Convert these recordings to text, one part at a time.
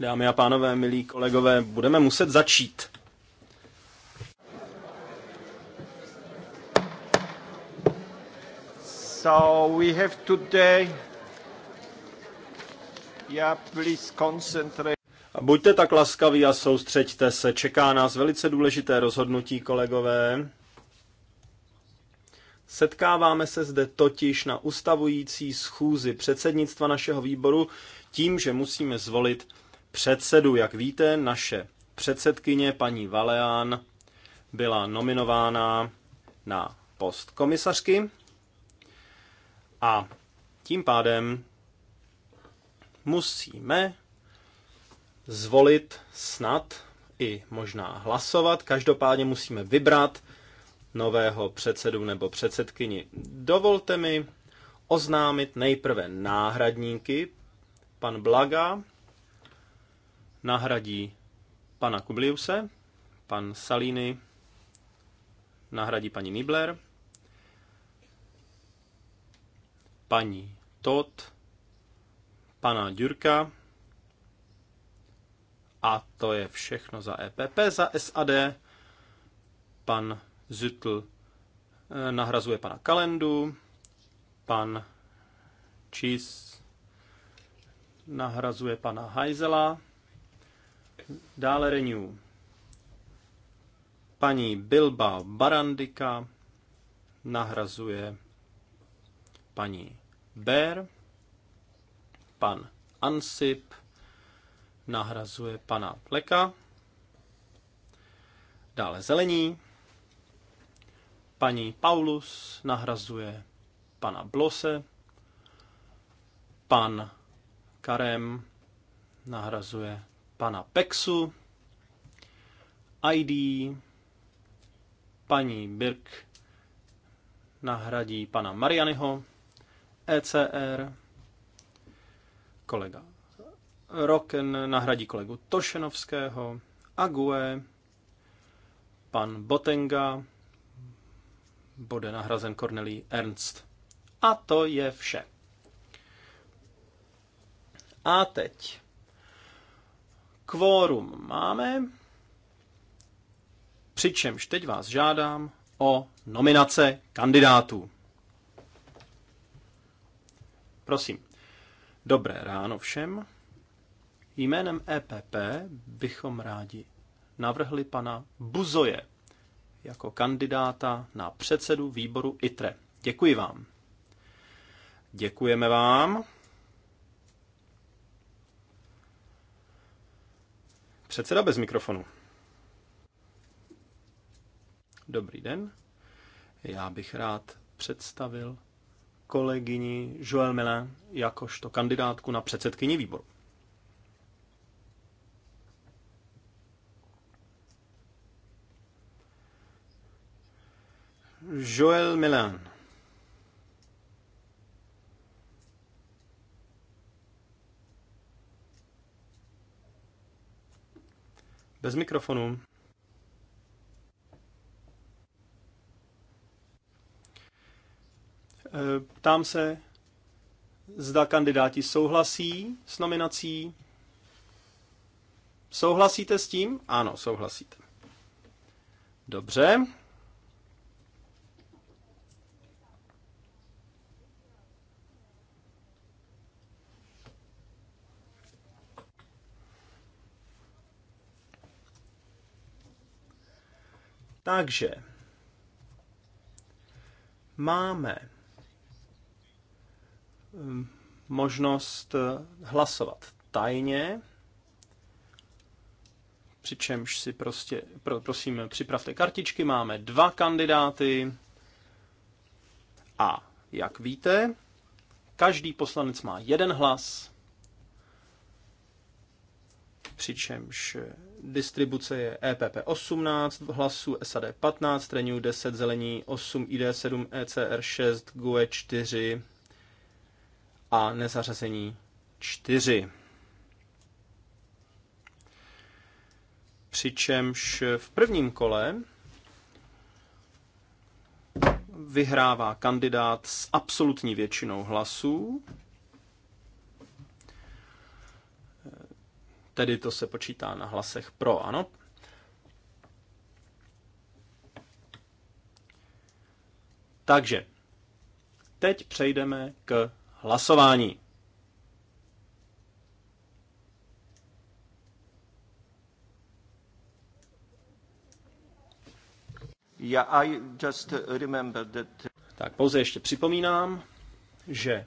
Dámy a pánové, milí kolegové, budeme muset začít. So we have today... Yeah, please concentrate. A buďte tak laskaví a soustřeďte se. Čeká nás velice důležité rozhodnutí, kolegové. Setkáváme se zde totiž na ustavující schůzi předsednictva našeho výboru tím, že musíme zvolit předsedu. Jak víte, naše předsedkyně paní Valeán byla nominována na post komisařky a tím pádem musíme zvolit snad i možná hlasovat. Každopádně musíme vybrat nového předsedu nebo předsedkyni. Dovolte mi oznámit nejprve náhradníky. Pan Blaga nahradí pana Kubliuse, pan Salini nahradí paní Nibler, paní Tot, pana Dürka a to je všechno za EPP, za SAD, pan Zytl eh, nahrazuje pana Kalendu, pan Čís nahrazuje pana Heizela, dále Renew paní Bilba Barandika nahrazuje paní Ber, pan Ansip nahrazuje pana Pleka, dále zelení, Paní Paulus nahrazuje pana Blose, pan Karem nahrazuje pana Pexu, ID paní Birk nahradí pana Marianyho, ECR kolega Roken nahradí kolegu Tošenovského, Ague, pan Botenga bude nahrazen Cornelí Ernst. A to je vše. A teď. Kvórum máme, přičemž teď vás žádám o nominace kandidátů. Prosím. Dobré ráno všem. Jménem EPP bychom rádi navrhli pana Buzoje jako kandidáta na předsedu výboru ITRE. Děkuji vám. Děkujeme vám. Předseda bez mikrofonu. Dobrý den. Já bych rád představil kolegyni Joël Melin jakožto kandidátku na předsedkyni výboru. Joel Milan. Bez mikrofonu. Eh, ptám se, zda kandidáti souhlasí s nominací. Souhlasíte s tím? Ano, souhlasíte. Dobře. Takže máme hm, možnost eh, hlasovat tajně, přičemž si prostě, pro, prosím, připravte kartičky, máme dva kandidáty a jak víte, každý poslanec má jeden hlas, přičemž eh, distribuce je EPP 18, hlasů SAD 15, Renew 10, Zelení 8, ID 7, ECR 6, GUE 4 a nezařazení 4. Přičemž v prvním kole vyhrává kandidát s absolutní většinou hlasů Tedy to se počítá na hlasech pro, ano. Takže teď přejdeme k hlasování. Yeah, I just remember that... Tak pouze ještě připomínám, že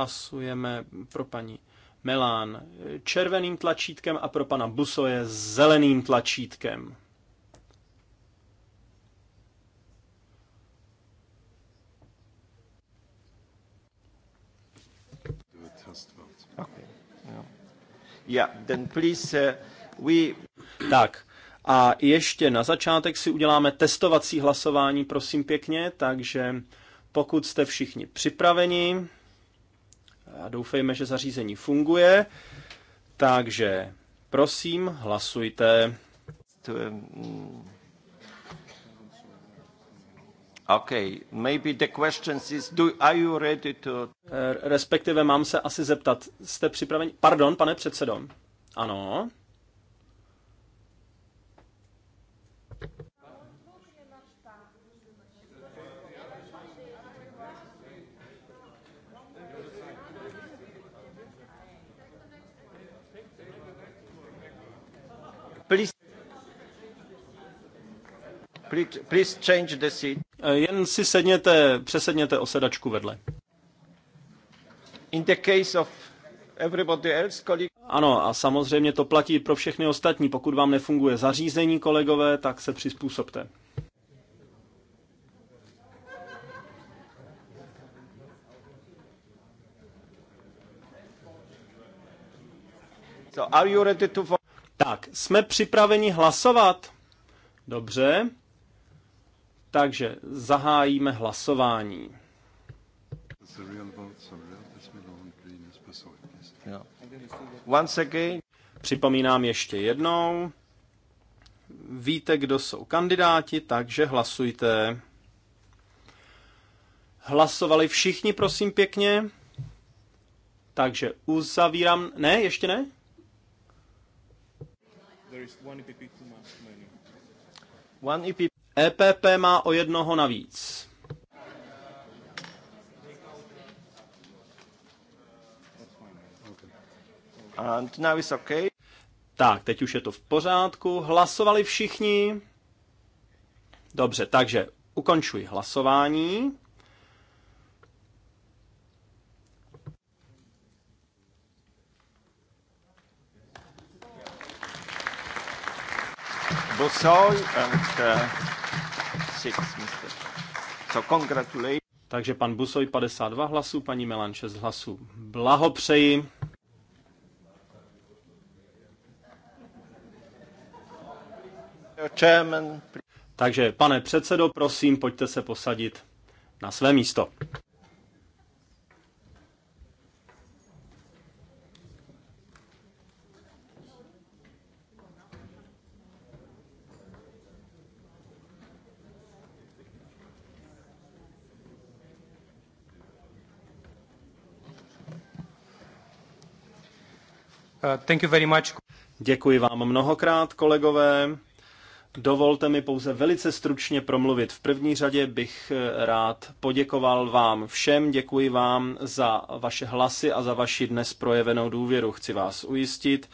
Hlasujeme pro paní Melán červeným tlačítkem a pro pana Busoje zeleným tlačítkem. Okay. Yeah, then please, uh, we... Tak, a ještě na začátek si uděláme testovací hlasování, prosím pěkně, takže pokud jste všichni připraveni, a doufejme, že zařízení funguje. Takže prosím, hlasujte. To, je... Um, okay, maybe the question is, do, are you ready to... Eh, respektive mám se asi zeptat, jste připraveni... Pardon, pane předsedo. Ano. Please, change the seat. Eh, jen si sedněte, přesedněte sedačku vedle. In the case of everybody else, colleague... Ano, a samozřejmě to platí pro všechny ostatní. Pokud vám nefunguje zařízení, kolegové, tak se přizpůsobte. So, are you ready to... Tak, jsme připraveni hlasovat? Dobře. Takže zahájíme hlasování. Připomínám ještě jednou. Víte, kdo jsou kandidáti, takže hlasujte. Hlasovali všichni, prosím pěkně. Takže uzavírám. Ne, ještě ne? One EPP EPP má o jednoho navíc. And now it's okay. Tak, teď už je to v pořádku. Hlasovali všichni? Dobře, takže ukončuji hlasování. Bosoj and uh... So Takže pan Busoj 52 hlasů, paní Melan 6 hlasů. Blahopřeji. Takže, pane předsedo, prosím, pojďte se posadit na své místo. Uh, thank you very much. Děkuji vám mnohokrát, kolegové. Dovolte mi pouze velice stručně promluvit. V první řadě bych eh, rád poděkoval vám všem, děkuji vám za vaše hlasy a za vaši dnes projevenou důvěru. Chci vás ujistit,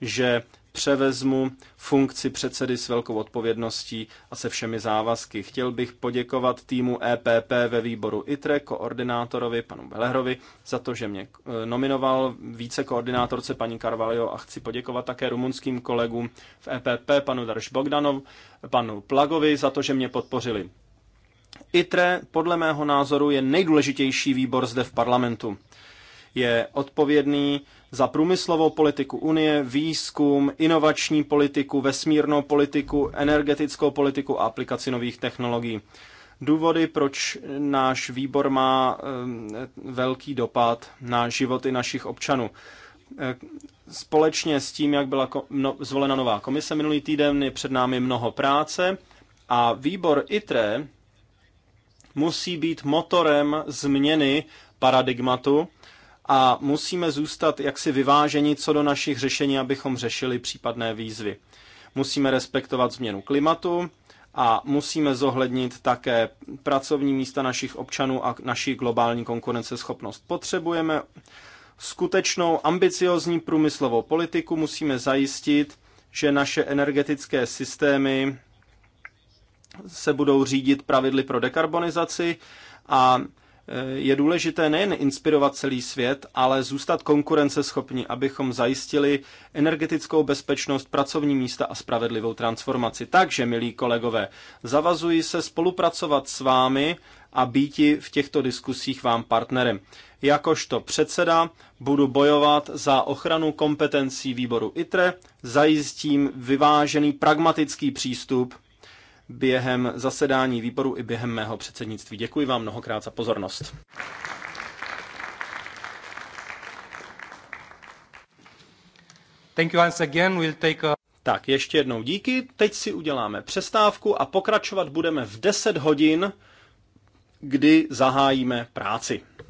že převezmu funkci předsedy s velkou odpovědností a se všemi závazky. Chtěl bych poděkovat týmu EPP ve výboru ITRE, koordinátorovi panu Belehrovi, za to, že mě eh, nominoval více koordinátorce paní Carvalho a chci poděkovat také rumunským kolegům v EPP, panu Darš Bogdanov, panu Plagovi, za to, že mě podpořili. ITRE podle mého názoru je nejdůležitější výbor zde v parlamentu je odpovědný za průmyslovou politiku Unie, výzkum, inovační politiku, vesmírnou politiku, energetickou politiku a aplikaci nových technologií. Důvody, proč náš výbor má velký dopad na životy našich občanů e, společně s tím, jak byla zvolena nová komise minulý týden, je před námi mnoho práce a výbor ITRE musí být motorem změny paradigmatu a musíme zůstat jaksi vyváženi co do našich řešení, abychom řešili případné výzvy. Musíme respektovat změnu klimatu a musíme zohlednit také pracovní místa našich občanů a naší globální konkurenceschopnost. Potřebujeme skutečnou ambiciozní průmyslovou politiku, musíme zajistit, že naše energetické systémy se budou řídit pravidly pro dekarbonizaci a je důležité nejen inspirovat celý svět, ale zůstat konkurenceschopní, abychom zajistili energetickou bezpečnost, pracovní místa a spravedlivou transformaci. Takže, milí kolegové, zavazuji se spolupracovat s vámi a býti v těchto diskusích vám partnerem. Jakožto předseda budu bojovat za ochranu kompetencí výboru ITRE, zajistím vyvážený pragmatický přístup během zasedání výboru i během mého předsednictví. Děkuji vám mnohokrát za pozornost. Thank you once again. We'll take a... Tak, ještě jednou díky. Teď si uděláme přestávku a pokračovat budeme v 10 hodin, kdy zahájíme práci.